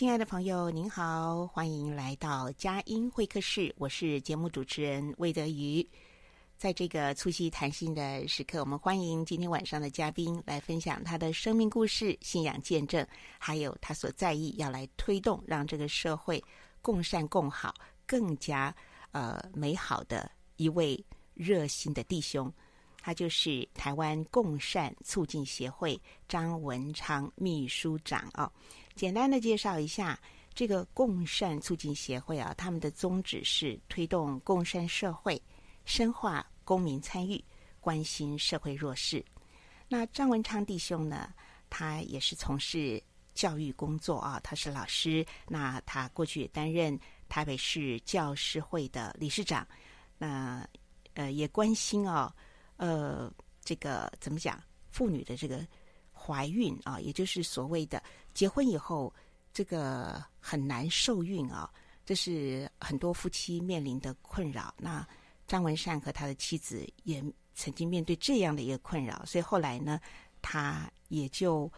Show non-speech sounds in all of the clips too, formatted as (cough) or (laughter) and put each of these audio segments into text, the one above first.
親愛的朋友您好，歡迎來到佳音會客室。我是節目主持人魏德瑜。在這個促膝談心的時刻，我們歡迎今天晚上的嘉賓來分享他的生命故事、信仰見證，還有他所在意要來推動，讓這個社會共善共好，更加呃美好的一位熱心的弟兄，他就是台灣共善促進協會張文昌秘書長啊。哦簡單的介紹一下這個共善促進協會啊，他們的宗旨是推動共善社會，深化公民參與，關心社會弱勢。那張文昌弟兄呢，他也是從事教育工作啊，他是老師。那他過去也擔任台北市教師會的理事長。那呃，呃，也關心啊，哦，呃，這個怎麼講，婦女的這個。懷孕啊，也就是所謂的結婚以後，這個很難受孕啊，這是很多夫妻面臨的困擾。那張文昌和他的妻子也曾經面對這樣的一個困擾，所以後來呢，他也就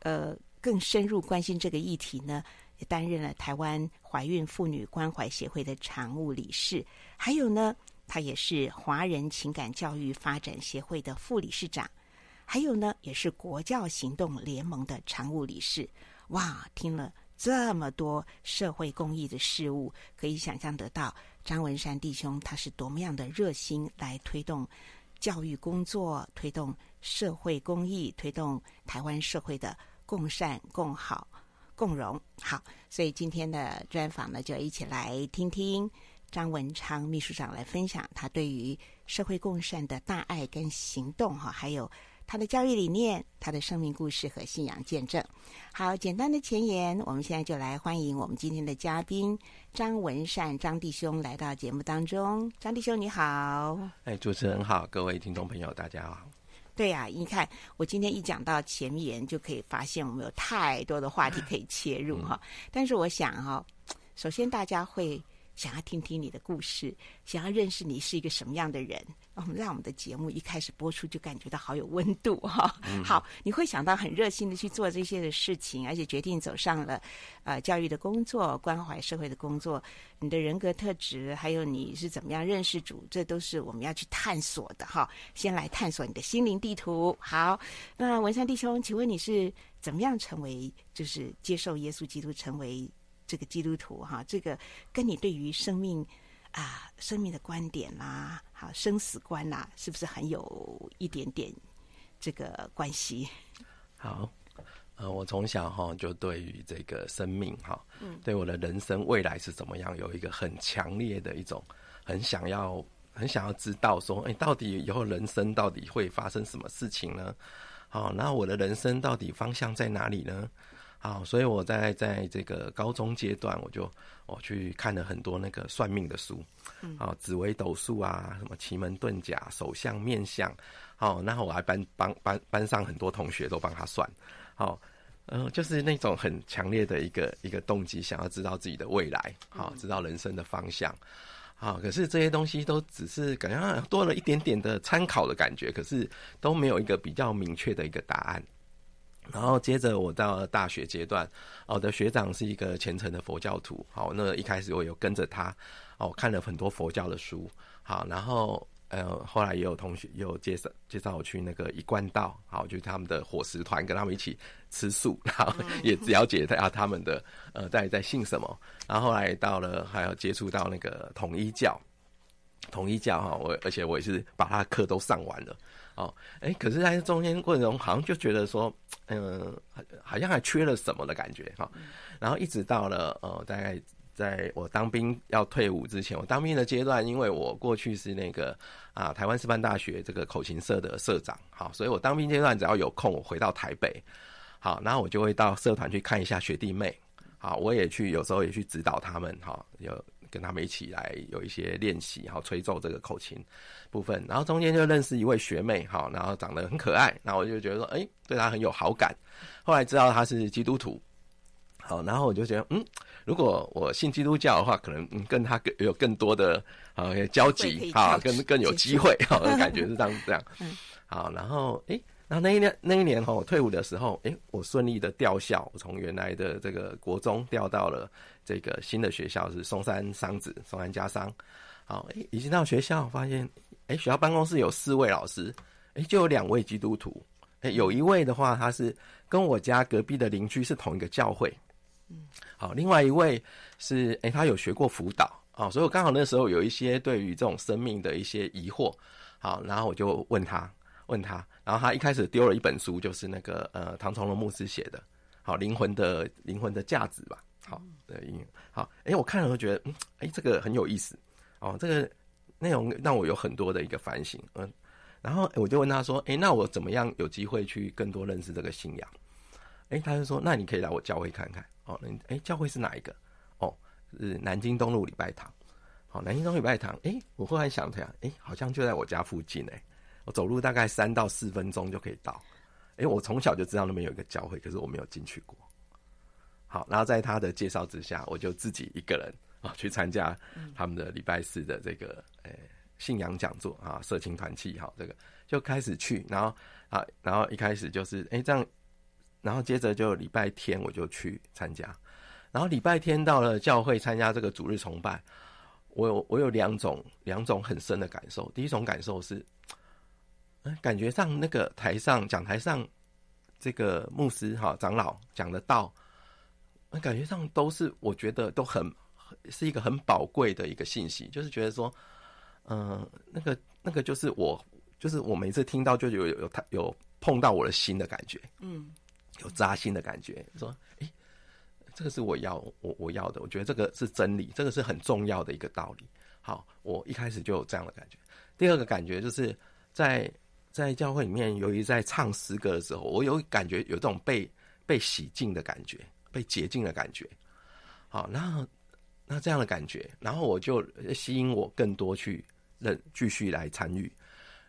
呃更深入關心這個議題呢，也擔任了台灣懷孕婦女關懷協會的常務理事，還有呢，他也是華人情感教育發展協會的副理事長。還有呢，也是國教行動聯盟的常務理事。哇，聽了這麼多社會公益的事物，可以想象得到張文昌弟兄他是多麼樣的熱心來推動教育工作、推動社會公益、推動台灣社會的共善、共好、共榮。好，所以今天的專訪呢，就一起來聽聽張文昌秘書長來分享他對於社會共善的大愛跟行動哈，還有。他的教育理念、他的生命故事和信仰見證。好，簡單的前言，我們現在就來歡迎我們今天的嘉賓張文昌張弟兄來到節目當中。張弟兄，你好！哎，主持人好，各位聽眾朋友，大家好。對呀、啊，你看我今天一講到前言，就可以發現我們有太多的話題可以切入哈。 (laughs) 嗯、但是我想哈、哦，首先大家會。想要聽聽你的故事，想要認識你是一個什麼樣的人。我們讓我們的節目一開始播出就感覺到好有溫度哈、哦。嗯、好，好，你會想到很熱心的去做這些的事情，而且決定走上了呃教育的工作、關懷社會的工作。你的人格特質，還有你是怎麼樣認識主，這都是我們要去探索的哈、哦。先來探索你的心靈地圖。好，那文昌弟兄，請問你是怎麼樣成為，就是接受耶穌基督成為？這個基督徒哈、啊，這個跟你對於生命啊、生命的觀點啦、啊，好、啊，生死觀啦、啊，是不是很有一點點這個關係？好，呃，我從小哈、哦、就對於這個生命哈，哦、嗯，對我的人生未來是怎麼樣，有一個很強烈的一種，很想要，很想要知道說，哎，到底以後人生到底會發生什麼事情呢？好、哦，那我的人生到底方向在哪裡呢？啊、哦，所以我在在這個高中階段，我就我去看了很多那個算命的書，嗯，啊，紫微斗數啊，什麼奇門遁甲、手相、面相，好、哦，然後我還班幫班班上很多同學都幫他算，好、哦，嗯、呃，就是那種很強烈的一個一個動機，想要知道自己的未來，好、哦，知道人生的方向，好、哦，可是這些東西都只是感覺、啊、多了一點點的參考的感覺，可是都沒有一個比較明確的一個答案。然後接着我到了大學階段，哦，我的學長是一個虔誠的佛教徒，好，那一開始我有跟着他，哦，看了很多佛教的書，好，然後呃，後來也有同學也有介紹介紹我去那個一貫道，好，就是，他們的伙食團跟他們一起吃素，然後也了解一下他們的呃，到底在信什麼，然後後來到了還有接觸到那個統一教，統一教哈、哦，我而且我也是把他的課都上完了。哦，哎、欸，可是，在中間過程中，好像就覺得說，嗯、呃，好像還缺了什麼的感覺哈、哦。然後一直到了呃，大概在我當兵要退伍之前，我當兵的階段，因為我過去是那個啊，台灣師範大學這個口琴社的社長，好、哦，所以我當兵階段只要有空，我回到台北，好、哦，然後我就會到社團去看一下學弟妹，好、哦，我也去有時候也去指導他們，好、哦，有。跟他們一起來有一些練習，吹奏這個口琴部分，然後中間就認識一位學妹，然後長得很可愛，然後我就覺得說，哎、欸，對她很有好感。後來知道她是基督徒，好，然後我就覺得，嗯，如果我信基督教的話，可能嗯跟她更有更多的、啊、交集，好更更有機會，好，感覺是這樣這樣。嗯，好，然後、欸、然後那一年那一年哈、喔，我退伍的時候，欸、我順利的調校，從原來的這個國中調到了。這個新的學校是松山商子，松山家商。好，哎、欸，一進到學校，發現，哎、欸，學校辦公室有四位老師，哎、欸，就有兩位基督徒，哎、欸，有一位的話，他是跟我家隔壁的鄰居是同一個教會，嗯，好，另外一位是，哎、欸，他有學過輔導，啊，所以我剛好那時候有一些對於這種生命的一些疑惑，好，然後我就問他，問他，然後他一開始丟了一本書，就是那個呃唐崇榮牧師寫的，好，靈魂的靈魂的價值吧。好的，音樂好，哎，我看了都覺得，哎、嗯，這個很有意思哦，這個內容讓我有很多的一個反省，嗯，然後我就問他說，哎，那我怎麼樣有機會去更多認識這個信仰？哎，他就說，那你可以來我教會看看，哦，哎，教會是哪一個？哦，是南京東路禮拜堂，好，哦，南京東路禮拜堂，哎，我後來想這樣，哎，好像就在我家附近呢，我走路大概三到四分鐘就可以到，哎，我從小就知道那邊有一個教會，可是我沒有進去過。好，然後在他的介紹之下，我就自己一個人啊、喔、去參加他們的禮拜四的這個誒、欸、信仰講座啊，社、喔、青團契，好、喔，這個就開始去，然後啊，然後一開始就是誒、欸、這樣，然後接着就禮拜天我就去參加，然後禮拜天到了教會參加這個主日崇拜，我有我有兩種兩種很深的感受，第一種感受是，嗯、呃，感覺上那個台上講台上這個牧師哈、喔、長老講的道。那感覺上都是，我覺得都很是一個很寶貴的一個信息，就是覺得說，嗯，那個那個就是我，就是我每次聽到就有有有他有碰到我的心的感覺，嗯，有扎心的感覺，說，哎，這個是我要我我要的，我覺得這個是真理，這個是很重要的一個道理。好，我一開始就有這樣的感覺。第二個感覺就是在在教會裡面，由於在唱詩歌的時候，我有感覺有這種被被洗淨的感覺。被潔淨的感覺，好，那那這樣的感覺，然後我就吸引我更多去認，繼續來參與。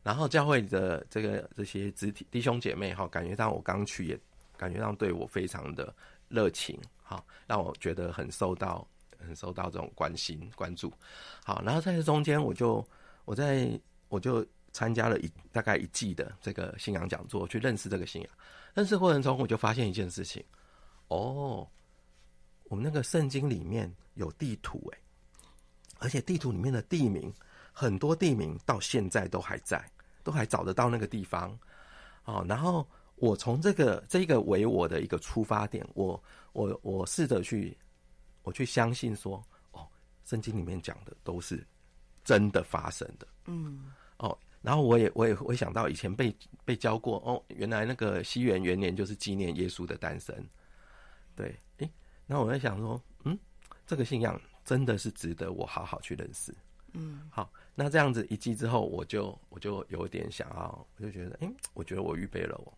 然後教會的這個這些肢體弟，弟兄姐妹哈，感覺到我剛去也感覺到對我非常的熱情，好，讓我覺得很受到很受到這種關心關注。好，然後在這中間，我就我在我就參加了一大概一季的這個信仰講座，去認識這個信仰。認識過程中，我就發現一件事情。哦，我們那個聖經裡面有地圖哎，而且地圖裡面的地名，很多地名到現在都還在，都還找得到那個地方。哦，然後我從這個這個為我的一個出發點，我我我試着去，我去相信說，哦，聖經裡面講的都是真的發生的。嗯。哦，然後我也我也會想到以前被被教過，哦，原來那個西元元年就是紀念耶穌的誕生。對，哎、欸，那我在想說，嗯，這個信仰真的是值得我好好去認識，嗯，好，那這樣子一季之後，我就我就有點想啊，我就覺得，嗯、欸、我覺得我預備了，我，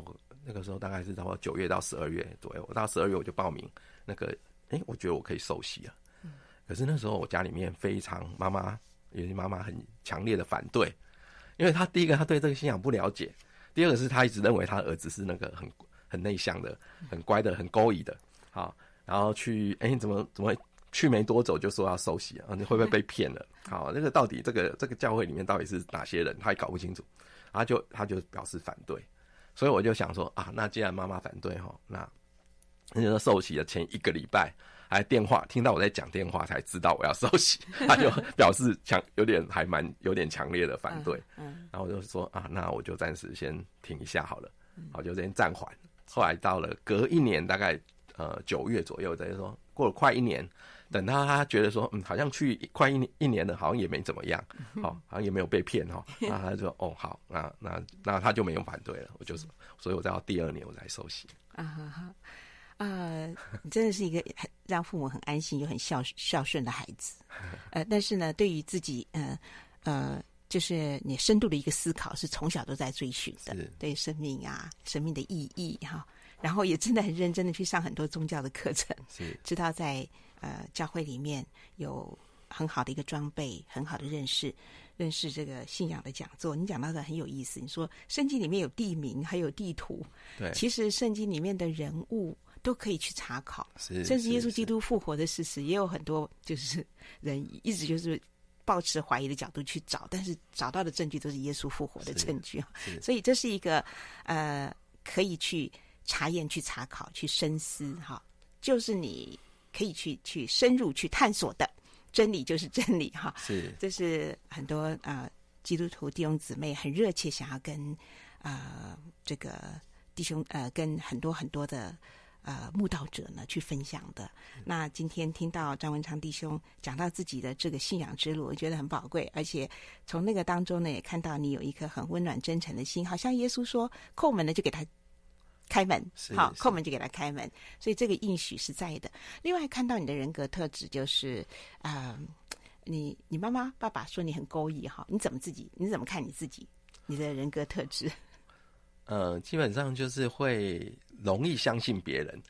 我那個時候大概是差不多九月到十二月左右，我到十二月我就報名那個，哎、欸，我覺得我可以受洗了，嗯，可是那時候我家裡面非常媽媽，媽媽，尤其媽媽很強烈的反對，因為他第一個他對這個信仰不了解，第二個是他一直認為他兒子是那個很。很內向的、很乖的、很勾引的。好，然後去，哎，怎麼怎麼去沒多久就說要受洗啊？你會不會被騙了？好，那個到底這個這個教會裡面到底是哪些人？他也搞不清楚，啊，他就他就表示反對，所以我就想說啊，那既然媽媽反對吼，那就是受洗的前一個禮拜還電話聽到我在講電話才知道我要受洗，他就表示強有點還蠻有點強烈的反對，然後我就說啊，那我就暫時先停一下好了，好，就先暫緩。後來到了隔一年，大概呃九月左右，等於說過了快一年，等到他覺得說，嗯，好像去快一年一年了，好像也沒怎麼樣，哦，好好像也沒有被騙哦，嗯、哼 那他就說哦好，那那那他就沒有反對了，我就說所以我到第二年我才收心。啊哈啊，你真的是一個很讓父母很安心又很孝孝順的孩子，呃，但是呢，對於自己，嗯呃，呃。就是你深度的一個思考，是從小都在追尋的，對生命啊，生命的意義哈，啊。然後也真的很認真的去上很多宗教的課程，知道在呃教會裡面有很好的一個裝備，很好的認識，認識這個信仰的講座。你講到的很有意思，你說聖經裡面有地名，還有地圖，對，其實聖經裡面的人物都可以去查考，甚至耶穌基督復活的事實，也有很多就是人一直就是。抱持懷疑的角度去找，但是找到的證據都是耶穌復活的證據啊，所以這是一個呃可以去查驗、去查考、去深思哈、哦，就是你可以去去深入去探索的真理就是真理哈、哦、是這是很多啊、呃、基督徒弟兄姊妹很熱切想要跟啊、呃、這個弟兄呃跟很多很多的。呃，慕道者呢去分享的。嗯、那今天聽到張文昌弟兄講到自己的這個信仰之路，我覺得很寶貴。而且從那個當中呢，也看到你有一顆很溫暖真誠的心，好像耶穌說：“叩門呢，就給他開門。是”好，是叩門就給他開門。所以這個應許是在的。另外看到你的人格特質，就是啊、呃，你你媽媽爸爸說你很勾引哈？你怎麼自己？你怎麼看你自己？你的人格特質？嗯，基本上就是會容易相信別人，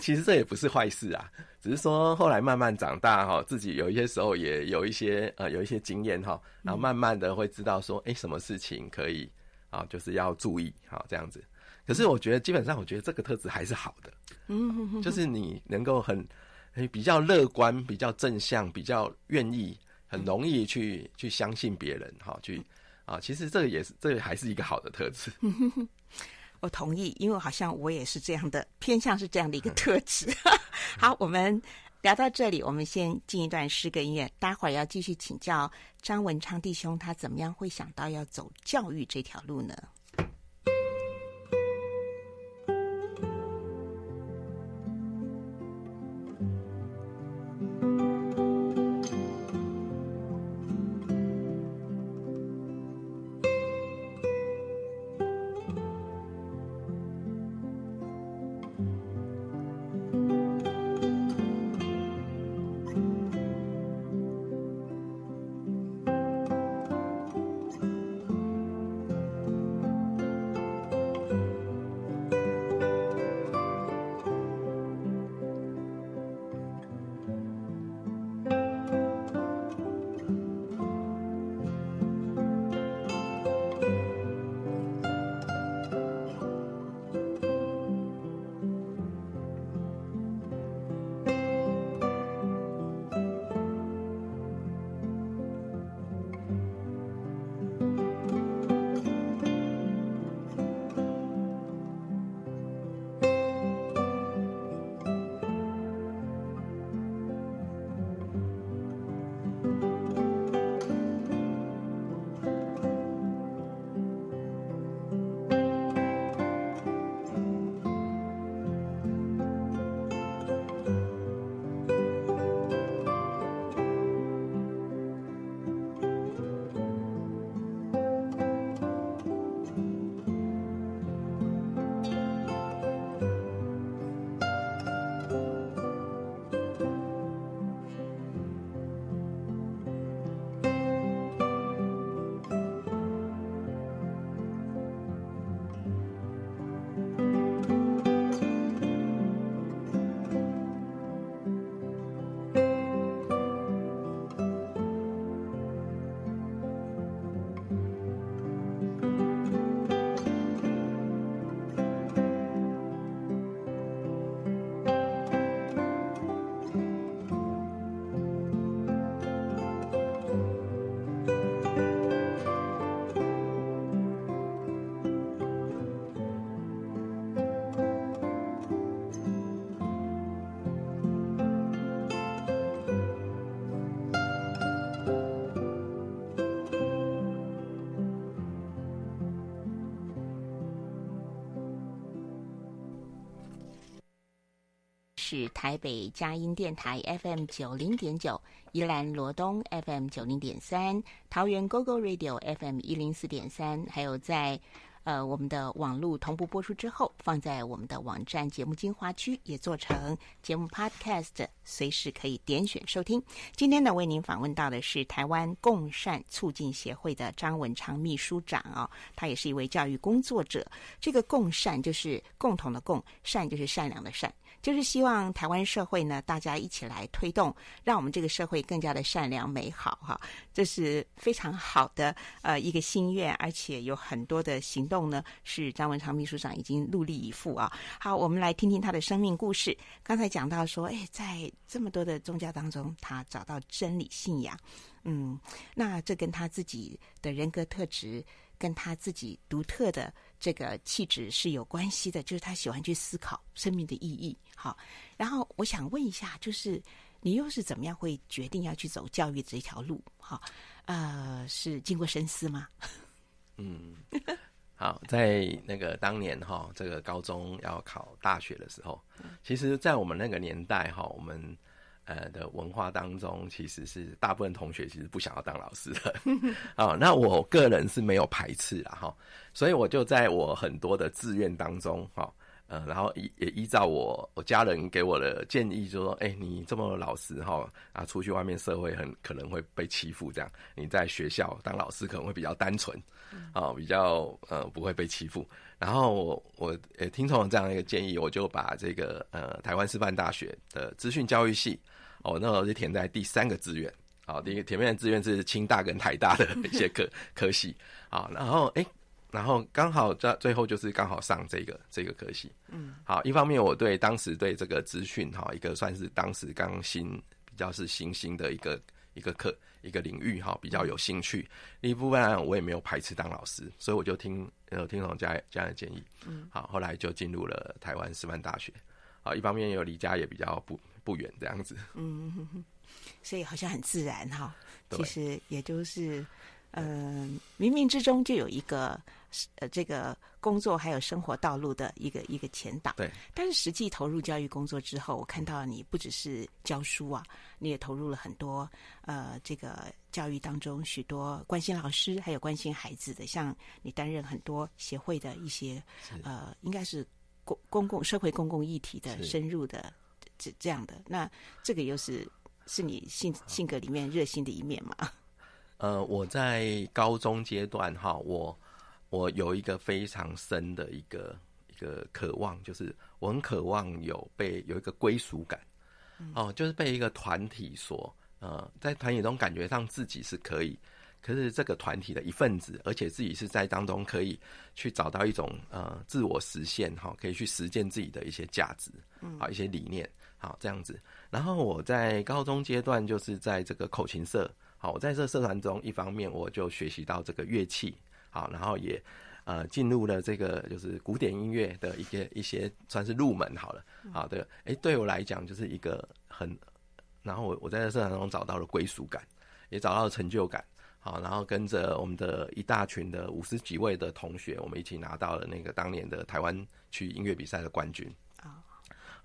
(laughs) 其實這也不是壞事啊，只是說後來慢慢長大哈，自己有一些時候也有一些呃有一些經驗哈，然後慢慢的會知道說，哎、欸，什麼事情可以啊，就是要注意哈，這樣子。可是我覺得基本上，我覺得這個特質還是好的，嗯，就是你能夠很、很比較樂觀、比較正向、比較願意，很容易去去相信別人哈，去。啊，其實這個也是，這個還是一個好的特質。 (laughs) 我同意，因為好像我也是這樣的，偏向是這樣的一個特質。 (laughs) 好， (laughs) 我們聊到這裡，我們先進一段詩歌音樂，待會兒要繼續請教張文昌弟兄，他怎麼樣會想到要走教育這條路呢？台北佳音電台 FM 九零點九，宜蘭羅東 FM 九零點三，桃園 GoGo Radio FM 一零四點三，還有在呃我們的網絡同步播出之後，放在我們的網站節目精華區，也做成節目 Podcast，隨時可以點選收聽。今天呢，為您訪問到的是台灣共善促進協會的張文昌秘書長哦，他也是一位教育工作者。這個“共善”就是共同的“共”，善就是善良的“善”。就是希望台灣社會呢，大家一起來推動，讓我們這個社會更加的善良美好哈、啊，這是非常好的呃一個心願，而且有很多的行動呢，是張文昌秘書長已經全力以赴啊。好，我們來聽聽他的生命故事。剛才講到說，哎、欸，在這麼多的宗教當中，他找到真理信仰，嗯，那這跟他自己的人格特質，跟他自己獨特的。這個氣質是有關係的，就是他喜歡去思考生命的意義，好。然後我想問一下，就是你又是怎麼樣會決定要去走教育這條路？哈，呃，是經過深思嗎？嗯，好，在那個當年哈，這個高中要考大學的時候，其實，在我們那個年代哈，我們。呃的文化當中，其實是大部分同學其實不想要當老師的，啊、 (laughs) 哦，那我個人是沒有排斥啦，哈，所以我就在我很多的志願當中，哈，呃，然後也依照我我家人給我的建議，就說，哎、欸，你這麼老實哈，啊，出去外面社會很可能會被欺負，這樣你在學校當老師可能會比較單純，啊、嗯哦，比較呃不會被欺負，然後我我也聽從了這樣一個建議，我就把這個呃台灣師範大學的資訊教育系。哦，oh, 那我就填在第三個志願，好，第一個前面的志願是清大跟台大的一些科科系， (laughs) 好，然後哎、欸，然後剛好在最後就是剛好上這個這個科系，嗯，好，一方面我對當時對這個資訊哈一個算是當時剛新比較是新興的一個一個課一個領域哈比較有興趣，另一部分我也沒有排斥當老師，所以我就聽呃聽從家家人的建議，嗯，好，後來就進入了台灣師範大學，啊，一方面又離家也比較不。不遠這樣子，嗯，所以好像很自然哈。其實也就是，嗯對、呃，冥冥之中就有一個呃，這個工作還有生活道路的一個一個前導。對，但是實際投入教育工作之後，我看到你不只是教書啊，嗯、你也投入了很多呃，這個教育當中許多關心老師還有關心孩子的，像你擔任很多協會的一些是呃，應該是公公共社會公共議題的深入的。是這樣的，那這個又是是你性性格裡面熱心的一面嘛？呃，我在高中階段哈、哦，我我有一個非常深的一個一個渴望，就是我很渴望有被有一個歸屬感，嗯、哦，就是被一個團體所呃，在團體中感覺上自己是可以，可是這個團體的一份子，而且自己是在當中可以去找到一種呃自我實現哈、哦，可以去實踐自己的一些價值，嗯啊、哦，一些理念。好，這樣子。然後我在高中階段就是在這個口琴社。好，我在這社團中，一方面我就學習到這個樂器，好，然後也呃進入了這個就是古典音樂的一些一些算是入門好了。好的，哎，對我來講就是一個很，然後我我在這社團中找到了歸屬感，也找到了成就感。好，然後跟着我們的一大群的五十幾位的同學，我們一起拿到了那個當年的台灣區音樂比賽的冠軍。啊。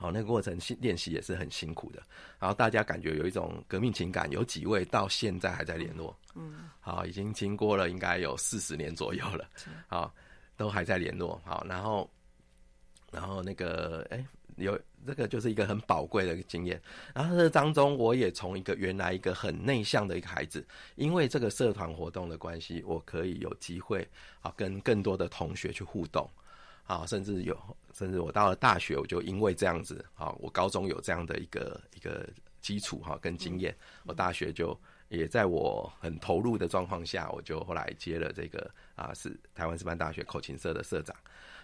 哦，那個過程練習也是很辛苦的。然後大家感覺有一種革命情感，有幾位到現在還在聯絡。嗯，好，已經經過了應該有四十年左右了。好，都還在聯絡。好，然後，然後那個，哎、欸，有這個就是一個很寶貴的經驗。然後這當中，我也從一個原來一個很內向的一個孩子，因為這個社團活動的關係，我可以有機會啊跟更多的同學去互動。啊，甚至有，甚至我到了大學，我就因為這樣子，啊，我高中有這樣的一個一個基礎哈、啊、跟經驗，嗯、我大學就也在我很投入的狀況下，我就後來接了這個啊，是台灣師範大學口琴社的社長，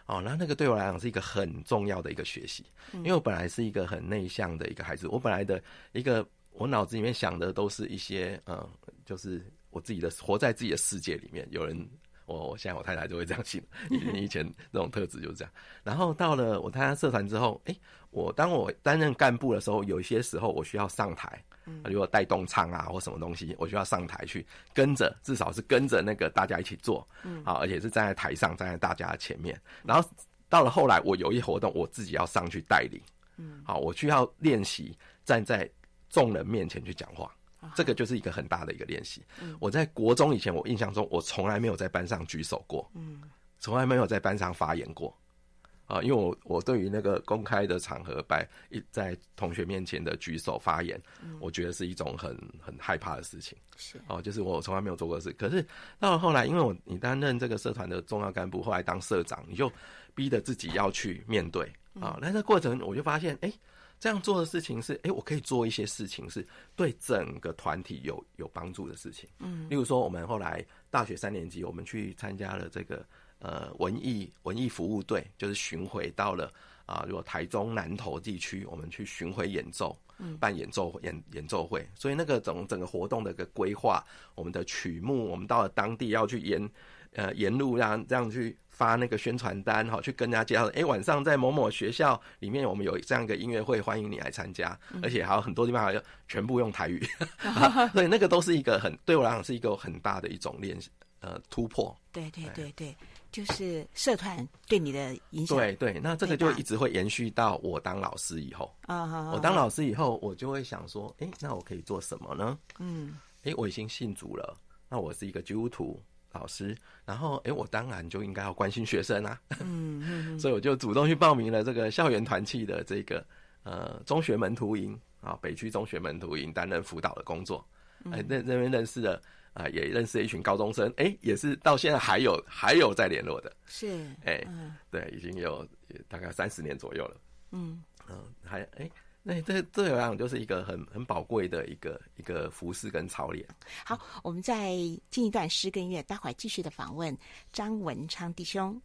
哦、啊，那那個對我來講是一個很重要的一個學習，嗯、因為我本來是一個很內向的一個孩子，我本來的一個我腦子裡面想的都是一些嗯，就是我自己的活在自己的世界裡面，有人。我我現在我太太就會這樣寫，你你以前這種特質就是這樣。然後到了我參加社團之後，哎，我當我擔任幹部的時候，有一些時候我需要上台，如果帶動唱啊或什麼東西，我需要上台去跟着，至少是跟着那個大家一起做，好，而且是站在台上站在大家的前面。然後到了後來，我有一活動，我自己要上去帶領，嗯，好，我需要練習站在眾人面前去講話。這個就是一個很大的一個練習。我在國中以前，我印象中我從來沒有在班上舉手過，從來沒有在班上發言過啊、呃！因為我我對於那個公開的場合，一在同學面前的舉手發言，我覺得是一種很很害怕的事情。是哦，就是我從來沒有做過的事。可是到了後來，因為我你擔任這個社團的重要幹部，後來當社長，你就逼着自己要去面對啊、呃。那這過程我就發現，哎。這樣做的事情是，哎、欸，我可以做一些事情，是對整個團體有有幫助的事情。嗯，例如說，我們後來大學三年級，我們去參加了這個呃文藝文藝服務隊，就是巡迴到了啊、呃，如果台中南投地區，我們去巡迴演奏，嗯，辦演奏演、嗯、演、演奏會。所以那個整整個活動的一個規劃，我們的曲目，我們到了當地要去沿呃沿路這樣這樣去，發那個宣傳單，哈，去跟人家介紹，哎、欸，晚上在某某學校裡面，我們有這樣一個音樂會，歡迎你來參加，嗯、而且還有很多地方還要全部用台語、 (laughs) 啊，所以那個都是一個很，對我來講是一個很大的一種練習，呃，突破。對對對對，對就是社團對你的影響。對，對對，那這個就一直會延續到我當老師以後。啊、哦、我當老師以後，我就會想說，哎、欸，那我可以做什麼呢？嗯，哎、欸，我已經信主了，那我是一個基督徒。老師，然後哎，我當然就應該要關心學生啊，嗯，嗯 (laughs) 所以我就主動去報名了這個校園團契的這個呃中學門徒營啊、哦，北區中學門徒營擔任輔導的工作，那、嗯、那邊認識了啊、呃，也認識了一群高中生，哎，也是到現在還有還有在聯絡的，是，哎誒，嗯、對，已經有大概三十年左右了，嗯嗯，還哎。誒那這這有樣就是一個很很寶貴的一個一個服侍跟操練。好，我們再進一段詩歌音樂，待會繼續的訪問張文昌弟兄。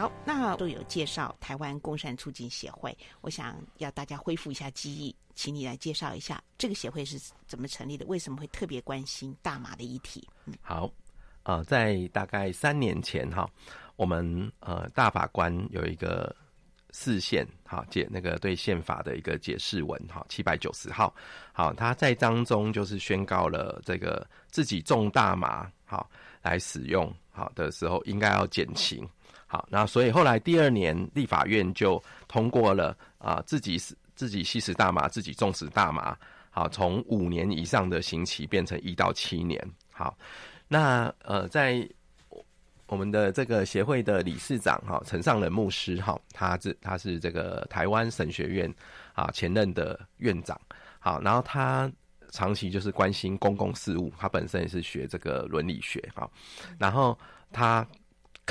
好，那都有介紹台灣共善促進協會。我想要大家恢復一下記憶，請你來介紹一下這個協會是怎麼成立的？為什麼會特別關心大麻的議題？嗯、好，呃，在大概三年前哈、哦，我們呃大法官有一個釋憲，哈、哦、解那個對憲法的一個解釋文哈七百九十號，好、哦，他在當中就是宣告了這個自己種大麻好、哦、來使用好、哦、的時候應該要減刑。嗯好，那所以後來第二年立法院就通過了啊、呃，自己吸自己吸食大麻，自己種植大麻。好，從五年以上的刑期變成一到七年。好，那呃，在我們的這個協會的理事長哈，陳尚仁牧師哈、哦，他是他是這個台灣神學院啊、哦、前任的院長。好，然後他長期就是關心公共事務，他本身也是學這個倫理學哈、哦，然後他。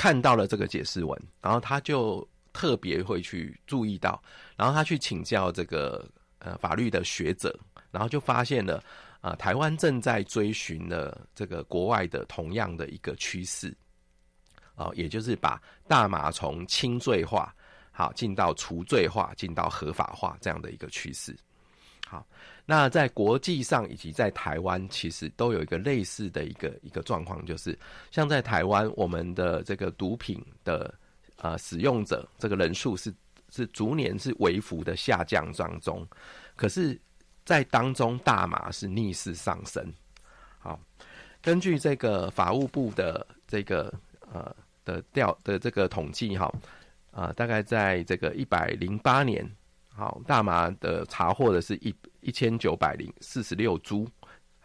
看到了這個解釋文，然後他就特別會去注意到，然後他去請教這個呃法律的學者，然後就發現了啊、呃，台灣正在追尋了這個國外的同樣的一個趨勢，哦，也就是把大麻從輕罪化好進到除罪化，進到合法化這樣的一個趨勢。好，那在國際上以及在台灣，其實都有一個類似的一個一個狀況，就是像在台灣，我們的這個毒品的呃使用者這個人數是是逐年是微幅的下降當中，可是，在當中大麻是逆勢上升。好，根據這個法務部的這個呃的調的這個統計，哈，啊，大概在這個一百零八年。好，大麻的查獲的是一，一千九百零四十六株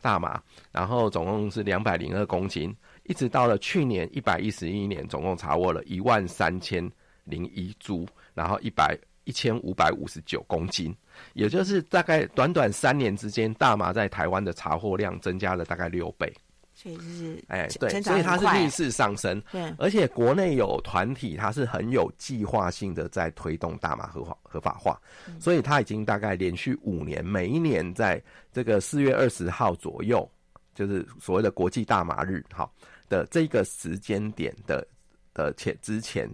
大麻，然後總共是兩百零二公斤。一直到了去年一百一十一年，總共查獲了一萬三千零一株，然後一百，一千五百五十九公斤，也就是大概短短三年之間，大麻在台灣的查獲量增加了大概六倍。所以就是哎，對，所以它是逆勢上升，對，而且國內有團體，它是很有計劃性的在推動大麻合法合法化，所以它已經大概連續五年，每一年在這個四月二十號左右，就是所謂的國際大麻日，哈的這個時間點的的前之前，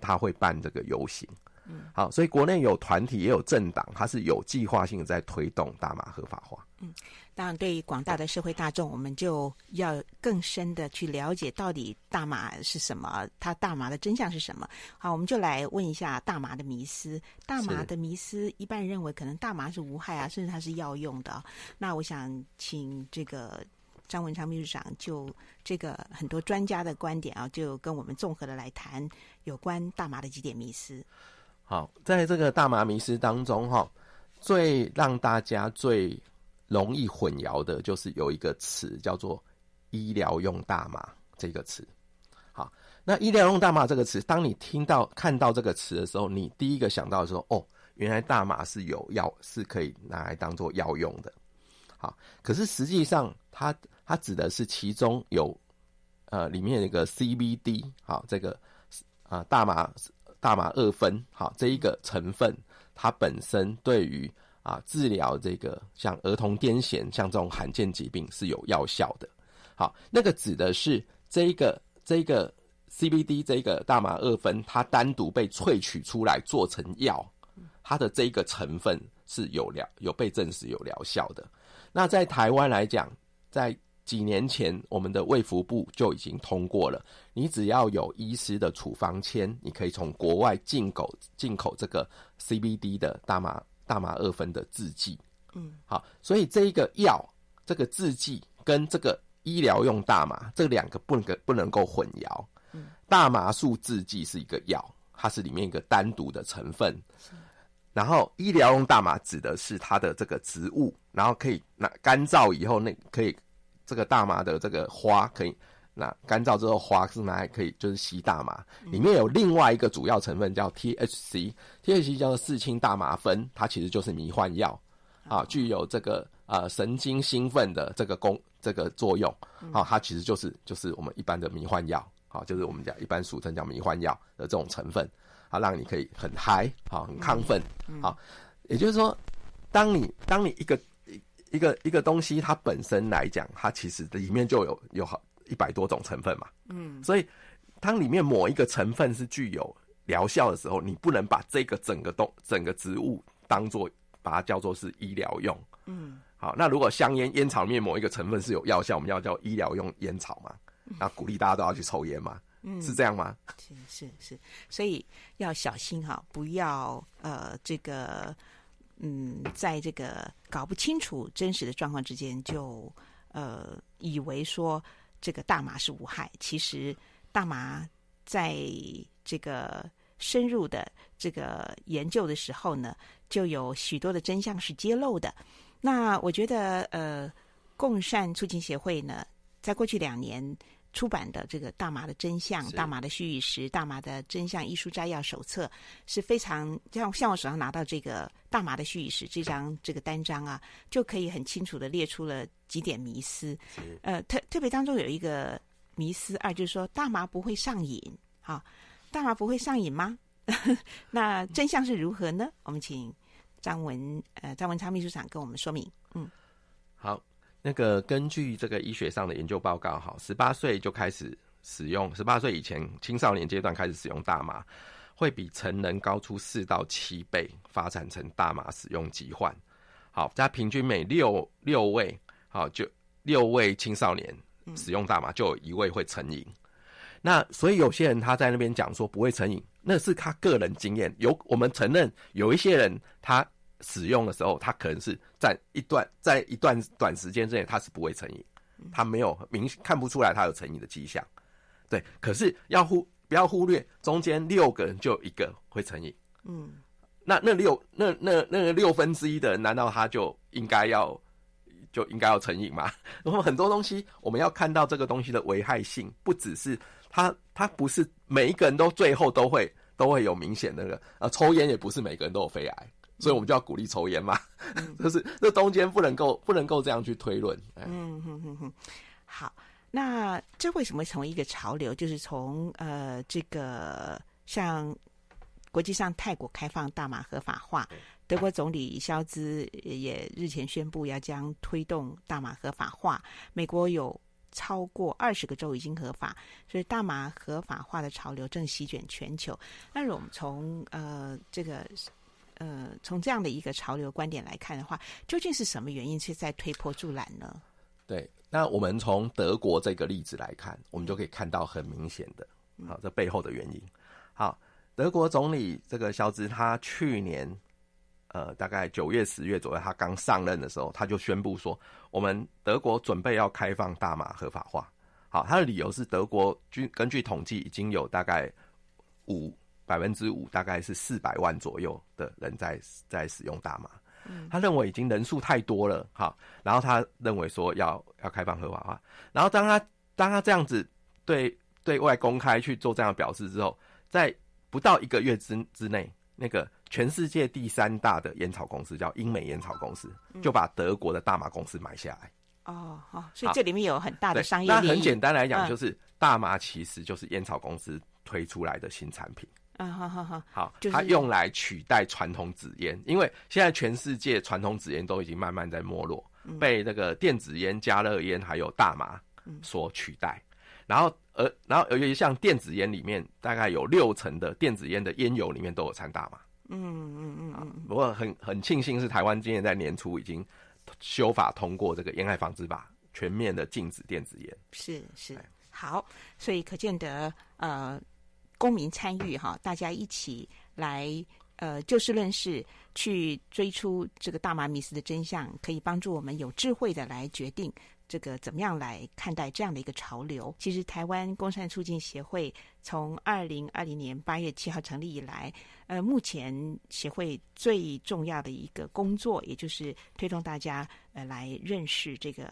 他會辦這個遊行。嗯，好，所以國內有團體也有政黨，它是有計劃性在推動大麻合法化。嗯，當然，對於廣大的社會大眾，對我們就要更深的去了解到底大麻是什麼，它大麻的真相是什麼。好，我們就來問一下大麻的迷思。大麻的迷思，是一般認為可能大麻是無害啊，甚至它是藥用的啊。那我想請這個張文昌秘書長就這個很多專家的觀點啊，就跟我們綜合的來談有關大麻的幾點迷思。好，在這個大麻迷思當中，哈，最讓大家最容易混淆的，就是有一個詞叫做“醫療用大麻”這個詞。好，那“醫療用大麻”這個詞，當你聽到、看到這個詞的時候，你第一個想到的時候，哦，原來大麻是有藥，是可以拿來當做藥用的。好，可是實際上它，它它指的是其中有，呃，裡面有一個 CBD。好，這個啊、呃，大麻。大麻二酚，好，這一個成分，它本身對於啊治療這個像兒童癲癇，像這種罕見疾病是有藥效的。好，那個指的是這一個這一個 CBD 這一個大麻二酚，它單獨被萃取出來做成藥，它的這一個成分是有療有被證實有療效的。那在台灣來講，在幾年前，我們的衛福部就已經通過了。你只要有醫師的處方簽，你可以從國外進口進口這個 CBD 的大麻大麻二酚的製劑。嗯，好，所以這一個藥，這個製劑跟這個醫療用大麻這兩個不能不能夠混淆。嗯。大麻素製劑是一個藥，它是裡面一個單獨的成分。是然後醫療用大麻指的是它的這個植物，然後可以那乾燥以後那可以。這個大麻的這個花可以，那乾燥之後花是拿來可以，就是吸大麻，裡面有另外一個主要成分叫 T H C，T H C 叫做四氫大麻酚，它其實就是迷幻藥啊，具有這個呃神經興奮的這個功這個作用，好，它其實就是，就是就是我們一般的迷幻藥，好，就是我們講一般俗稱叫迷幻藥的這種成分，啊，它讓你可以很嗨，好，很亢奮，好，也就是說，當你當你一個一個一個東西，它本身來講，它其實裡面就有有好一百多種成分嘛。嗯，所以當裡面某一個成分是具有療效的時候，你不能把這個整個東整個植物當做把它叫做是醫療用。嗯，好，那如果香煙煙草裡面某一個成分是有藥效，我們要叫醫療用煙草嘛？那鼓勵大家都要去抽煙嘛。嗯，是這樣嗎？是是是，所以要小心哈，不要呃這個。嗯，在這個搞不清楚真實的狀況之間就，就呃以為說這個大麻是無害。其實大麻在這個深入的這個研究的時候呢，就有許多的真相是揭露的。那我覺得呃，共善促進協會呢，在過去兩年。出版的這個大麻的真相、是大麻的虛與實、大麻的真相藝術摘要手冊是非常像像我手上拿到這個大麻的虛與實這張這個單張啊，嗯、就可以很清楚的列出了幾點迷思。是呃，特特別當中有一個迷思二就是說大麻不會上癮。好、啊，大麻不會上癮嗎？ (laughs) 那真相是如何呢？我們請張文呃張文昌秘書長跟我們說明。嗯，好。那個根據這個醫學上的研究報告，哈，十八歲就開始使用，十八歲以前青少年階段開始使用大麻，會比成人高出四到七倍，發展成大麻使用疾患。好，在平均每六六位好就六位青少年使用大麻，就有一位會成癮。嗯、那所以有些人他在那邊講說不會成癮，那是他個人經驗。有我們承認有一些人他。使用的時候，他可能是在一段在一段短時間之內，他是不會成癮，他沒有明顯看不出來他有成癮的跡象。對，可是要忽不要忽略，中間六個人就有一個會成癮，嗯，那那六那那那個六分之一的人，難道他就應該要就應該要成癮嗎？那麼很多東西，我們要看到這個東西的危害性，不只是他他不是每一個人都最後都會都會有明顯那個啊，抽菸也不是每個人都有肺癌。所以我們就要鼓勵抽煙嘛、嗯， (laughs) 就是這中間不能夠不能夠這樣去推論。嗯哼哼哼，好，那這為什麼成為一個潮流？就是從呃這個像國際上泰國開放大麻合法化，欸、德國總理肖茲也日前宣布要將推動大麻合法化，美國有超過二十個州已經合法，所以大麻合法化的潮流正席捲全球。但是我們從呃這個。呃，從這樣的一個潮流觀點來看的話，究竟是什麼原因是在推波助瀾呢？對，那我們從德國這個例子來看，我們就可以看到很明顯的，好、嗯啊，這背後的原因。好，德國總理這個肖茲，他去年呃大概九月、十月左右，他剛上任的時候，他就宣布說，我們德國準備要開放大麻合法化。好，他的理由是，德國據根據統計，已經有大概五。百分之五，大概是四百萬左右的人在在使用大麻，嗯，他認為已經人數太多了哈，然後他認為說，要要開放合法化，然後當他當他這樣子對對外公開去做這樣的表示之後，在不到一個月之之內，那個全世界第三大的菸草公司叫英美菸草公司，公司嗯、就把德國的大麻公司買下來哦，哦，所以這裡面有很大的商業利益，那很簡單來講，就是、嗯、大麻其實就是菸草公司推出來的新產品。啊，好好好，好，就是、它用來取代傳統紙煙，因為現在全世界傳統紙煙都已經慢慢在沒落，嗯、被那個電子煙、加熱煙還有大麻所取代。嗯、然後，而、呃、然後，由於像電子煙裡面大概有六成的電子煙的煙油裡面都有摻大麻。嗯嗯嗯。不過很很慶幸是台灣今年在年初已經修法通過這個煙害防治法，全面的禁止電子煙。是是，好，所以可見得呃。公民參與哈，大家一起來呃，就事論事，去追出這個大麻迷思的真相，可以幫助我們有智慧的來決定這個怎麼樣來看待這樣的一個潮流。其實，台灣共善促進協會從二零二零年八月七號成立以來，呃，目前協會最重要的一個工作，也就是推動大家呃來認識這個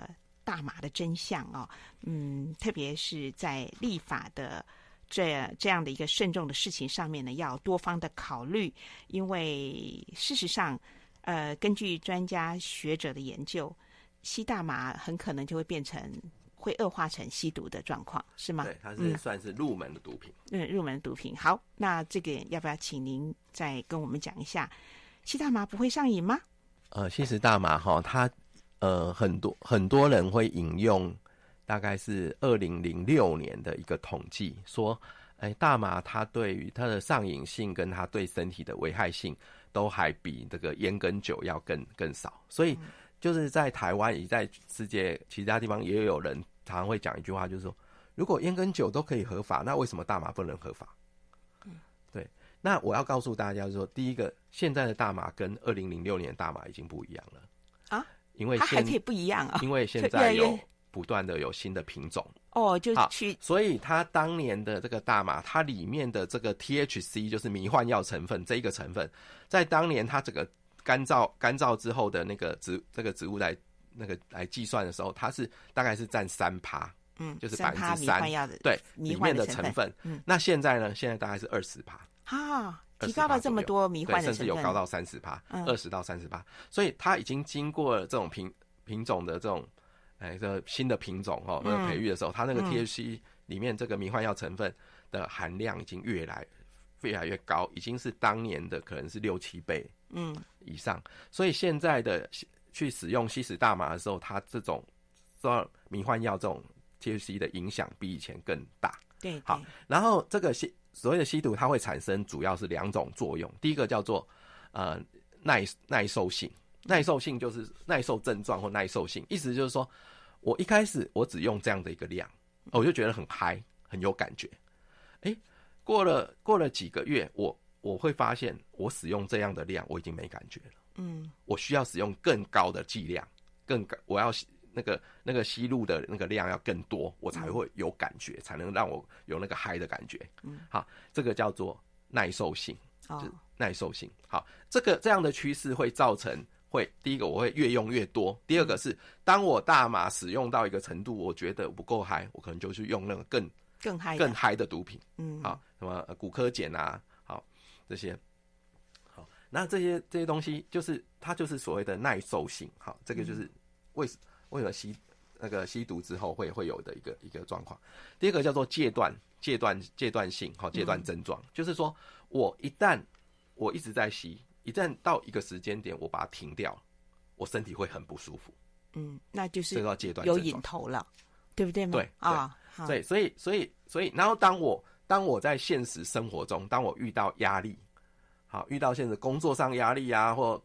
大麻的真相啊、哦，嗯，特別是在立法的。這這樣的一個慎重的事情上面呢，要多方的考慮，因為事實上，呃，根據專家學者的研究，吸大麻很可能就會變成會惡化成吸毒的狀況，是嗎？對，它是、嗯、算是入門的毒品。嗯，入門的毒品。好，那這個要不要請您再跟我們講一下？吸大麻不會上癮嗎？呃，其實大麻哈、哦，它呃很多很多人會飲用、嗯。大概是二零零六年的一個統計，說，哎、欸，大麻它對於它的上癮性跟它對身體的危害性，都還比這個菸跟酒要更更少。所以就是在台灣以及在世界其他地方也有人常常會講一句話，就是說如果菸跟酒都可以合法，那為什麼大麻不能合法？嗯，對。那我要告訴大家就是說，第一個，現在的大麻跟二零零六年的大麻已經不一樣了啊，因為它還可以不一樣啊、哦，因為現在有。不斷的有新的品種哦，oh, 就去，所以它當年的這個大麻，它裡面的這個 THC 就是迷幻藥成分，這一個成分，在當年它這個乾燥乾燥之後的那個植這個植物來那個來計算的時候，它是大概是佔三趴，嗯，就是百分之三。嗯、對裡面的成分。成分嗯、那現在呢？現在大概是二十趴，啊、oh,，提高了這麼多迷幻的成分，甚至有高到三十趴，二十、嗯、到三十趴，所以它已經經過了這種品品種的這種。一這新的品種、哦、培育的時候，嗯嗯、它那個 T H C 裡面這個迷幻藥成分的含量已經越來越來越高，已經是當年的可能是六七倍，嗯，以上。嗯、所以現在的去使用吸食大麻的時候，它這種說迷幻藥這種 T H C 的影響比以前更大。對，對，好。然後這個吸所謂的吸毒，它會產生主要是兩種作用，第一個叫做呃耐耐受性，耐受性就是耐受症狀或耐受性，意思就是說。我一開始我只用這樣的一個量，我就覺得很嗨，很有感覺。哎、欸，過了過了幾個月，我我會發現我使用這樣的量我已經沒感覺了。嗯，我需要使用更高的劑量，更高我要那個那個吸入的那個量要更多，我才會有感覺，嗯、才能讓我有那個嗨的感覺。嗯，好，這個叫做耐受性，哦、就是耐受性。好，這個這樣的趨勢會造成。會，第一個我會越用越多。第二個是，當我大麻使用到一個程度，我覺得不夠嗨，我可能就去用那個更更嗨，更嗨的毒品。嗯，好，什麼古柯鹼啊，好這些。好，那這些這些東西就是它就是所謂的耐受性。好，這個就是為為了吸那個吸毒之後會會有的一個一個狀況。第二個叫做戒斷，戒斷，戒斷性，好，戒斷症狀，嗯、就是說我一旦我一直在吸。一旦到一個時間點，我把它停掉，我身體會很不舒服。嗯，那就是這個階段有癮頭了，對不對嗎？對啊，對，哦、所以，所以，所以，然後，當我當我在現實生活中，當我遇到壓力，好，遇到現實工作上壓力啊，或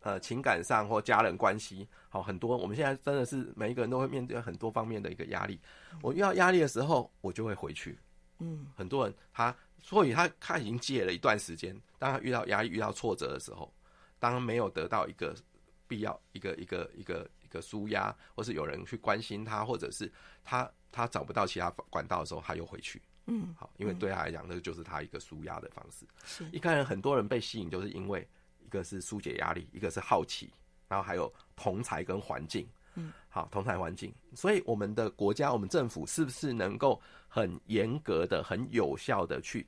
呃情感上或家人關係，好，很多，我們現在真的是每一個人都會面對很多方面的一個壓力。我遇到壓力的時候，我就會回去。嗯，很多人他所以他他已經戒了一段時間，當他遇到壓力、遇到挫折的時候，當沒有得到一個必要一個一個一個一個紓壓，或是有人去關心他，或者是他他找不到其他管道的時候，他又回去。嗯，好，因為對他來講，那、嗯、就是他一個紓壓的方式。是，一看很多人被吸引，就是因為一個是疏解壓力，一個是好奇，然後還有同儕跟環境。嗯，好，同台環境，所以我們的國家，我們政府是不是能夠很嚴格的、很有效的去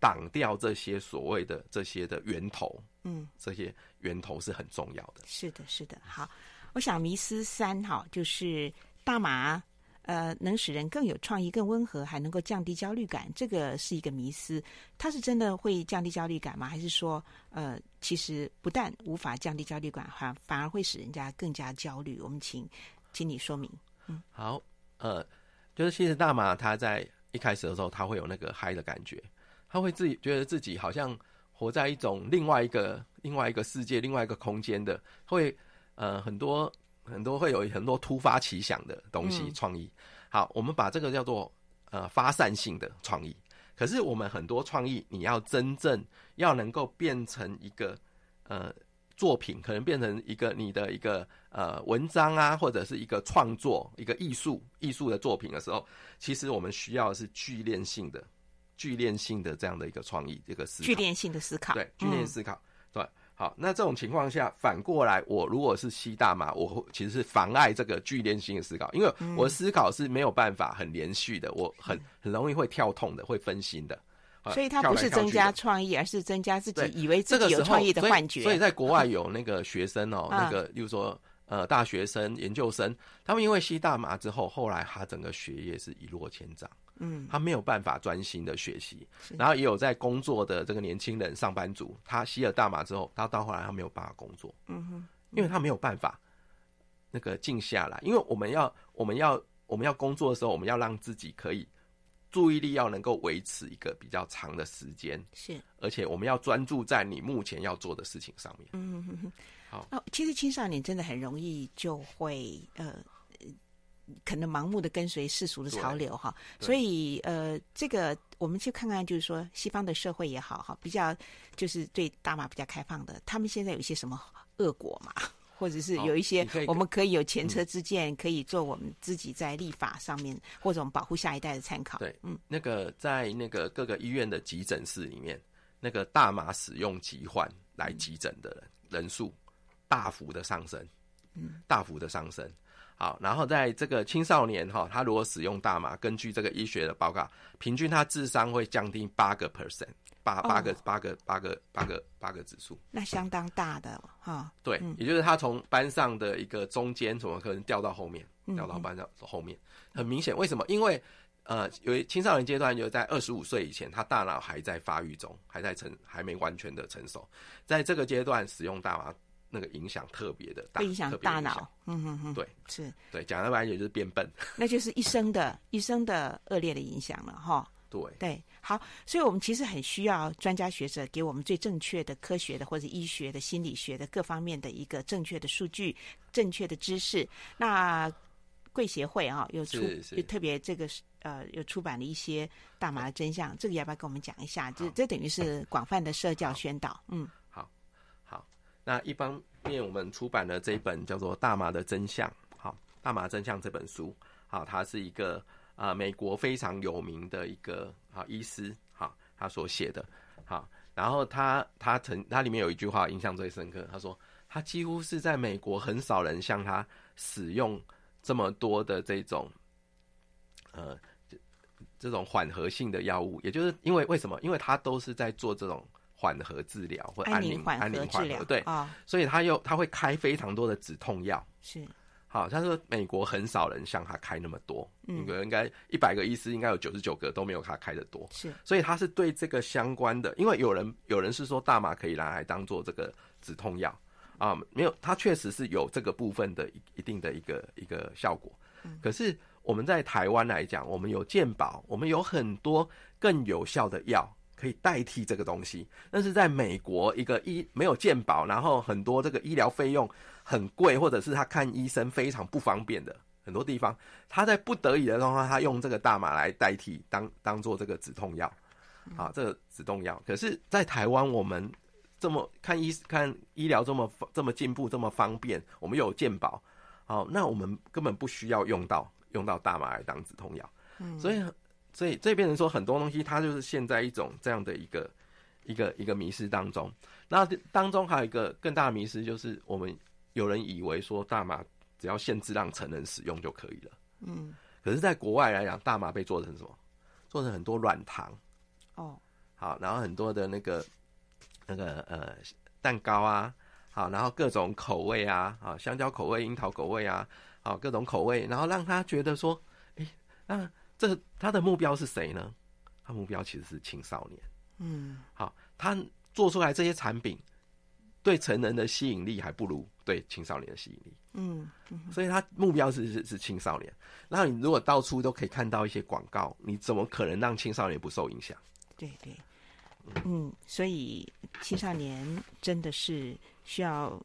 擋掉這些所謂的這些的源頭？嗯，這些源頭是很重要的。是的，是的。好，我想迷失三哈，就是大麻。呃，能使人更有創意、更溫和，還能夠降低焦慮感，這個是一個迷思。它是真的會降低焦慮感嗎？還是說，呃，其實不但無法降低焦慮感，哈，反而會使人家更加焦慮？我們請，請你說明。嗯，好，呃，就是其實大麻他在一開始的時候，他會有那個嗨的感覺，他會自己覺得自己好像活在一種另外一個、另外一個世界、另外一個空間的，會呃很多。很多會有很多突發奇想的東西、創意，好，我們把這個叫做呃發散性的創意。可是我們很多創意，你要真正要能夠變成一個呃作品，可能變成一個你的一個呃文章啊，或者是一個創作一個藝術藝術的作品的時候，其實我們需要的是聚斂性的、聚斂性的這樣的一個創意，這個思聚斂性的思考，對，聚斂思考。嗯好，那這種情況下，反過來，我如果是吸大麻，我其實是妨礙這個聚鏈性的思考，因為我思考是沒有辦法很連續的，嗯、我很很容易會跳 tone 的，會分心的。所以他，跳跳他不是增加創意，而是增加自己以為自己有創意的幻覺。這個、所以，所以在國外有那個學生哦、喔、啊、那個，比如說呃，大學生、研究生，他們因為吸大麻之後，後來他整個學業是一落千丈。嗯，他沒有辦法專心的學習，是然後也有在工作的這個年輕人上班族，他吸了大麻之後，他到後來他沒有辦法工作，嗯哼，因為他沒有辦法那個靜下來，因為我們要我們要我們要工作的時候，我們要讓自己可以注意力要能夠維持一個比較長的時間，是，而且我們要專注在你目前要做的事情上面，嗯哼哼，好，那、哦、其實青少年真的很容易就會呃。可能盲目的跟隨世俗的潮流哈，所以呃，這個我們去看看，就是說西方的社會也好哈，比較就是對大麻比較開放的，他們現在有一些什麼惡果嘛，或者是有一些我們可以有前車之鑑，可以做我們自己在立法上面或者我們保護下一代的參考。對，嗯，那個在那個各個醫院的急診室裡面，那個大麻使用急患來急診的人人數大幅的上升，嗯，大幅的上升。嗯好，然後在這個青少年哈，他如果使用大麻，根據這個醫學的報告，平均他智商會降低八個 percent，八八個八個八個八個八個指數，那相當大的哈。哦、對，嗯、也就是他從班上的一個中間，什麼可能掉到後面，掉到班上的後面。嗯嗯，很明顯，為什麼？因為呃，由於青少年階段就是在二十五歲以前，他大腦還在發育中，還在成，還沒完全的成熟，在這個階段使用大麻。那個影響特別的大，影響大腦，嗯哼哼，對，是，對，講的完全就是變笨，那就是一生的，一生的惡劣的影響了，哈，對，對，好，所以我們其實很需要專家學者給我們最正確的科學的或者醫學的心理學的各方面的一個正確的數據、正確的知識。那貴協會啊、喔，又出，有是特別這個呃，又出版了一些大麻的真相，是是這個要不要跟我們講一下？嗯、就這等於是廣泛的社教宣導，嗯。嗯那一方面，我們出版了這一本叫做《大麻的真相》。好，《大麻真相》這本書，好，它是一個啊、呃，美國非常有名的一個啊醫師，好，他所寫的。好，然後他他曾他裡面有一句話印象最深刻，他說他幾乎是在美國很少人向他使用這麼多的這種呃這種緩和性的藥物，也就是因為為什麼？因為他都是在做這種。緩和治療或安寧安寧治療，對，哦、所以他又他會開非常多的止痛藥，是好。他說美國很少人像他開那麼多，嗯，應該一百個醫師應該有九十九個都沒有他開得多，是。所以他是對這個相關的，因為有人有人，是說大麻可以拿來，來當做這個止痛藥啊、嗯，沒有，他確實是有這個部分的一一定的一個一個效果，嗯、可是我們在台灣來講，我們有健保，我們有很多更有效的藥。可以代替這個東西，但是在美國，一個醫沒有健保，然後很多這個醫療費用很貴，或者是他看醫生非常不方便的很多地方，他在不得已的狀況，他用這個大麻來代替當，當當做這個止痛藥啊，這個止痛藥。可是，在台灣，我們這麼看醫看醫療這麼這麼進步這麼方便，我們又有健保，好、啊，那我們根本不需要用到用到大麻來當止痛藥，嗯，所以。所以這變成說很多東西，它就是陷在一種這樣的一個一個一個，一個迷失當中。那當中還有一個更大的迷失，就是我們有人以為說大麻只要限制讓成人使用就可以了。嗯，可是，在國外來講，大麻被做成什麼？做成很多軟糖哦，好，然後很多的那個那個呃蛋糕啊，好，然後各種口味啊，啊，香蕉口味、櫻桃口味啊，好，各種口味，然後讓他覺得說，哎，那。這是他的目標是誰呢？他目標其實是青少年。嗯，好、啊，他做出來這些產品，對成人的吸引力還不如對青少年的吸引力。嗯，嗯，所以他目標是是是青少年。然後你如果到處都可以看到一些廣告，你怎麼可能讓青少年不受影響？對對，嗯，嗯，所以青少年真的是需要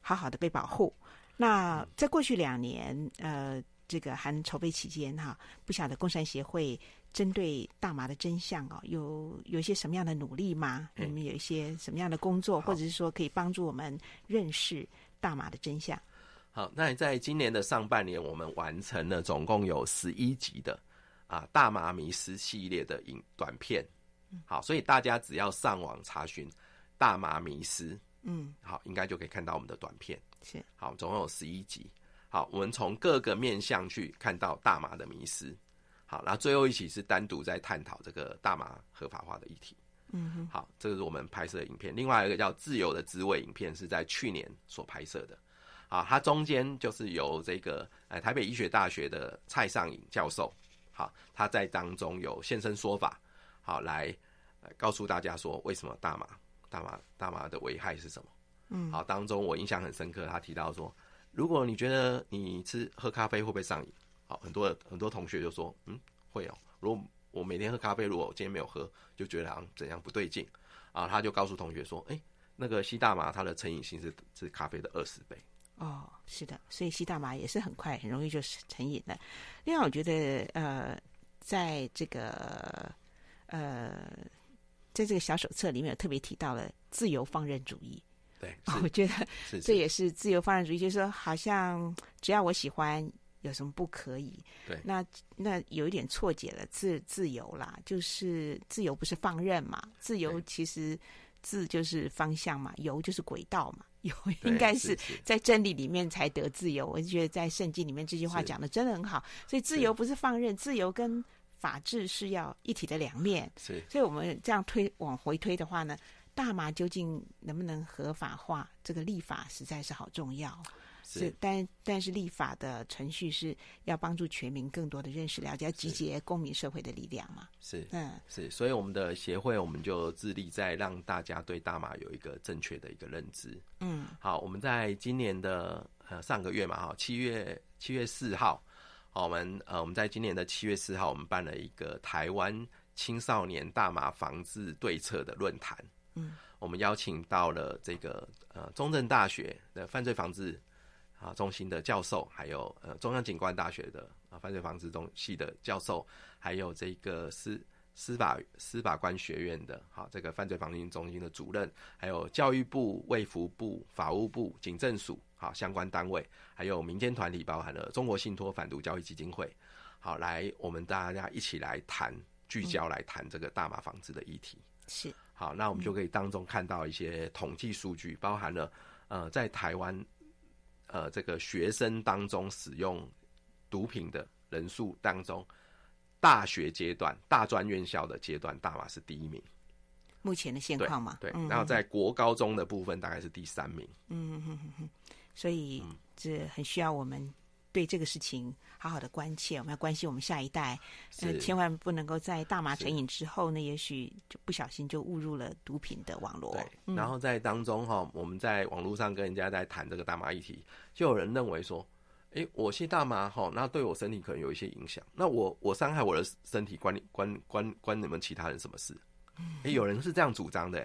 好好的被保護。那在過去兩年，嗯、呃。這個還籌備期間哈，不曉得共善協會針對大麻的真相哦，有有一些什麼樣的努力嗎？嗯，你們有一些什麼樣的工作，或者是說可以幫助我們認識大麻的真相？好，那在今年的上半年，我們完成了總共有十一集的啊《大麻迷思》系列的影短片。嗯，好，所以大家只要上網查詢《大麻迷思》，嗯，好，應該就可以看到我們的短片。是，好，總共有十一集。好，我們從各個面向去看到大麻的迷思。好，那最後一期是單獨在探討這個大麻合法化的議題。嗯，好，這是我們拍攝的影片。另外一個叫《自由的滋味》影片是在去年所拍攝的。好，它中間就是由這個呃台北醫學大學的蔡尚穎教授，好，他在當中有現身說法，好來告訴大家說為什麼大麻、大麻、大麻的危害是什麼。嗯，好，當中我印象很深刻，他提到說。如果你覺得你吃喝咖啡會不會上癮？好，很多很多同學就說：“嗯，會哦。如果我每天喝咖啡，如果我今天沒有喝，就覺得好像怎樣不對勁啊。”他就告訴同學說：“哎、欸，那個吸大麻，它的成癮性是是咖啡的二十倍。”哦，是的，所以吸大麻也是很快很容易就是成癮的。另外，我覺得呃，在這個呃，在這個小手冊裡面有特別提到了自由放任主義。對、哦，我覺得這也是自由放任主義，是是就是說，好像只要我喜歡，有什麼不可以？對，那那有一點錯解了。自自由啦，就是自由不是放任嘛？自由其實，對自就是方向嘛，由就是軌道嘛。由應該是在真理裡面才得自由。是是我覺得在聖經裡面這句話講的真的很好。是所以自由不是放任，是自由跟法治是要一體的兩面。是，所以我們這樣推往回推的話呢？大麻究竟能不能合法化？這個立法實在是好重要。是，是，但但是立法的程序是要幫助全民更多的認識了解，要集結公民社會的力量嘛？是，嗯是，是。所以我們的協會，我們就致力在讓大家對大麻有一個正確的一個認知。嗯，好，我們在今年的呃上個月嘛，哈，七月七月四號，好，我們呃我們在今年的七月四號，我們辦了一個台灣青少年大麻防治對策的論壇。嗯，我們邀請到了這個呃，中正大學的犯罪防治啊中心的教授，還有呃中央警官大學的啊犯罪防治中系的教授，還有這個司司法司法官學院的好這個犯罪防治中心的主任，還有教育部、衛福部、法務部、警政署好相關單位，還有民間團體，包含了中國信託反毒教育基金會，好來我們大家一起來談，聚焦來談這個大麻防治的議題、嗯、是。好，那我們就可以當中看到一些統計數據，包含了呃，在台灣，呃，這個學生當中使用毒品的人數當中，大學階段、大專院校的階段，大麻是第一名，目前的現況嘛對，對，然後在國高中的部分大概是第三名，嗯嗯嗯嗯，所以這很需要我們。對這個事情好好的關切，我們要關心我們下一代。那是、呃、千萬不能夠在大麻成癮之後呢，是也許就不小心就誤入了毒品的網絡。對，然後在當中哈，我們在網絡上跟人家在談這個大麻議題，就有人認為說：“哎、欸，我吸大麻哈，那對我身體可能有一些影響。那我我傷害我的身體，關關關關你們其他人什麼事？”哎、欸，有人是這樣主張的、欸。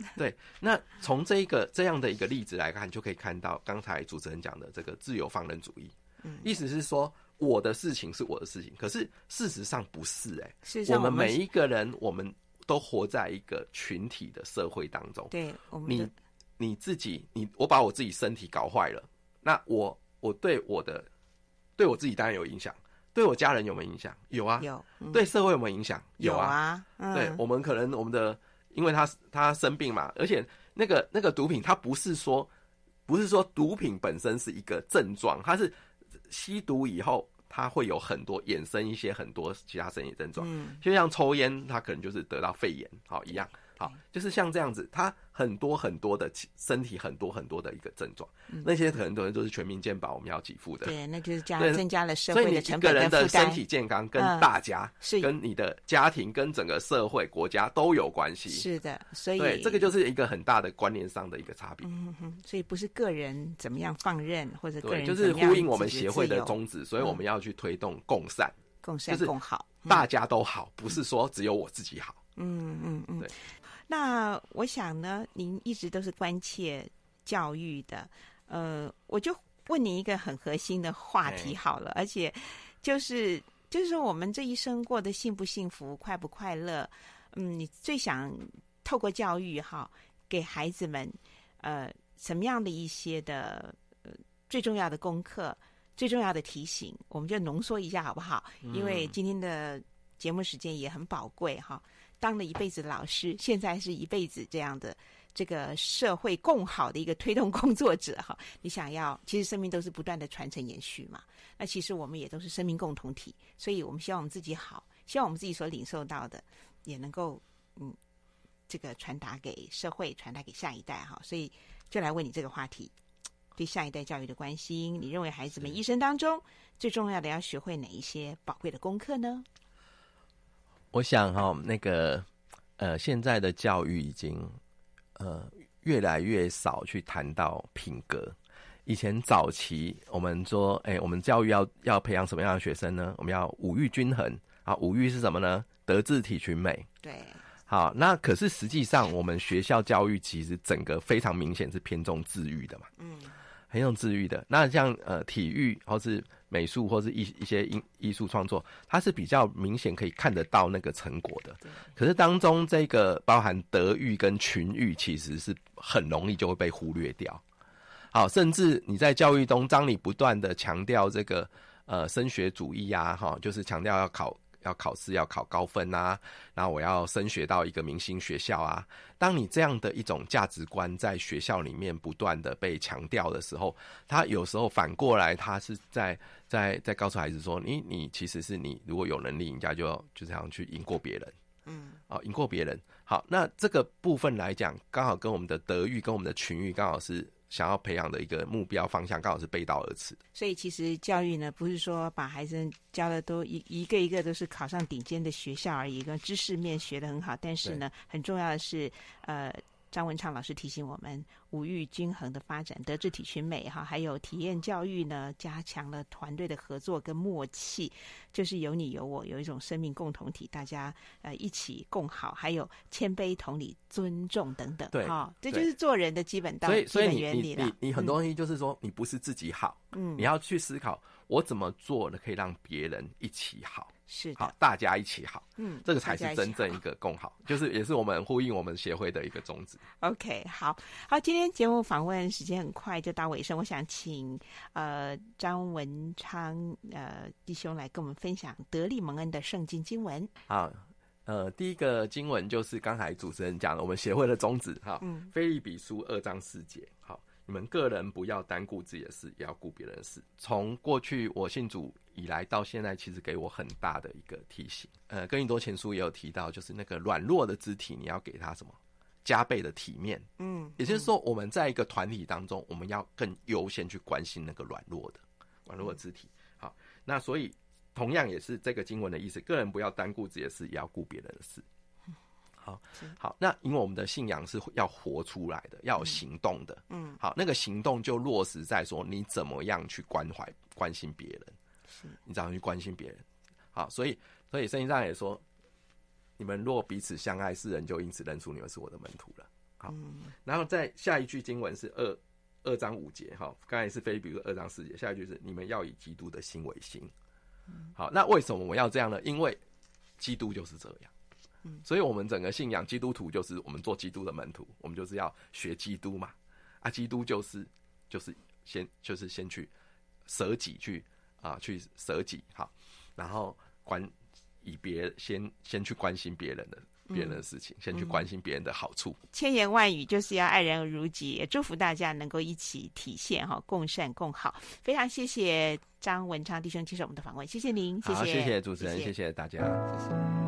哎， (laughs) 對。那從這一個這樣的一個例子來看，就可以看到剛才主持人講的這個自由放任主義。意思是說，我的事情是我的事情，可是事實上不是哎。欸，是我們，我們每一個人，我們都活在一個群體的社會當中。對，我們，你你自己，你我把我自己身體搞壞了，那我我對我的對我自己當然有影響，對我家人有沒有影響？有啊，有，嗯。對社會有沒有影響？有啊。有啊，嗯。對，我們可能我們的，因為他他生病嘛，而且那個那個毒品，它不是說不是說毒品本身是一個症狀，它是。吸毒以後，它會有很多衍生一些很多其他身體症狀，就、嗯、像抽煙，它可能就是得到肺炎，好、哦、一樣。好，就是像這樣子，他很多很多的身體，很多很多的一個症狀，嗯、那些可能都是全民健保我們要給付的，對，那就是加對增加了社會的成本跟個人的身體健康跟大家，嗯、是跟你的家庭、跟整個社會、國家都有關係。是的，所以對這個就是一個很大的關聯上的一個差別。嗯哼。所以不是個人怎麼樣放任或者個人對。就是呼應我們協會的宗旨，嗯、所以我們要去推動共善、共善、共好，嗯、就是大家都好，不是說只有我自己好。嗯嗯嗯。對。那我想呢，您一直都是關切教育的，呃，我就問你一個很核心的話題好了，哎、而且就是就是說我們這一生過得幸不幸福、快不快樂，嗯，你最想透過教育哈，給孩子們呃什麼樣的一些的呃最重要的功課、最重要的提醒，我們就濃縮一下好不好？因為今天的節目時間也很寶貴、嗯、哈。當了一輩子的老師，現在是一輩子這樣的這個社會共好的一個推動工作者哈、哦。你想要，其實生命都是不斷的傳承延續嘛。那其實我們也都是生命共同體，所以我們希望我們自己好，希望我們自己所領受到的也能夠嗯這個傳達給社會，傳達給下一代哈、哦。所以就來問你這個話題，對下一代教育的關心，你認為孩子們一生當中對最重要的要學會哪一些寶貴的功課呢？我想哈、哦，那個，呃，現在的教育已經，呃，越來越少去談到品格。以前早期我們說，哎、欸，我們教育要要培養什麼樣的學生呢？我們要五育均衡啊，五育是什麼呢？德智體群美。對。好，那可是實際上我們學校教育其實整個非常明顯是偏重智育的嘛。嗯。很有治癒的，那像呃體育或是美術或是一一些藝藝術創作，它是比較明顯可以看得到那個成果的。可是當中這個包含德育跟群育，其實是很容易就會被忽略掉。好，甚至你在教育中，當你不斷的強調這個呃升學主義呀、啊，哈，就是強調要考。要考試，要考高分吶、啊，然後我要升學到一個明星學校啊。當你這樣的一種價值觀在學校裡面不斷的被強調的時候，他有時候反過來，他是在在在告訴孩子說，你你其實是你，如果有能力，人家就就這樣去贏過別人。嗯，哦，贏過別人。好，那這個部分來講，剛好跟我們的德育跟我們的群育剛好是。想要培養的一個目標方向，剛好是背道而馳的。所以，其實教育呢，不是說把孩子教的都一一個一個都是考上頂尖的學校而已，跟知識面學得很好，但是呢，對很重要的是，呃。張文昌老師提醒我們，五育均衡的發展，德智體群美哈，還有體驗教育呢，加強了團隊的合作跟默契，就是有你有我，有一種生命共同體，大家呃一起共好，還有謙卑同理、尊重等等，對哈、哦，這就是做人的基本道理、所以所以你基本原理了你你。你很多東西就是說，你不是自己好，嗯，你要去思考，我怎麼做呢可以讓別人一起好。是的好，大家一起好，嗯，這個才是真正一個共好，好就是也是我們呼應我們協會的一個宗旨。 (laughs) OK，好好，今天節目訪問時間很快就到尾聲，我想請呃張文昌呃弟兄來跟我們分享得力蒙恩的聖經經文。好，呃，第一個經文就是剛才主持人講的，我們協會的宗旨哈，嗯，腓立比書二章四節。好，你們個人不要單顧自己的事，也要顧別人的事。從過去我信主。以來到現在，其實給我很大的一個提醒。呃，跟《哥林多前書》也有提到，就是那個軟弱的肢體，你要給他什麼加倍的體面。嗯，嗯，也就是說，我們在一個團體當中，我們要更優先去關心那個軟弱的、軟弱的肢體。嗯、好，那所以同樣也是這個經文的意思，個人不要單顧自己的事，也要顧別人的事。好，好。那因為我們的信仰是要活出來的，要有行動的。嗯，嗯，好，那個行動就落實在說你怎麼樣去關懷、關心別人。是你怎樣去關心別人？好，所以，所以聖經上也說，你們若彼此相愛，世人就因此認出你們是我的門徒了。好，然後再下一句經文是二二章五節，哈、哦，剛才是腓立比書二章四節，下一句是你們要以基督的心為心。好，那為什麼我要這樣呢？因為基督就是這樣。所以我們整個信仰基督徒就是我們做基督的門徒，我們就是要學基督嘛。啊，基督就是就是先就是先去舍己去。啊，去舍己好，然後關以別先先去關心別人的、嗯、別人的事情，先去關心別人的好處。千言萬語就是要愛人如己，也祝福大家能夠一起體現哈、哦，共善共好。非常謝謝張文昌弟兄，接受我們的訪問，謝謝您，謝謝好謝謝主持人，謝謝，謝謝大家，謝謝。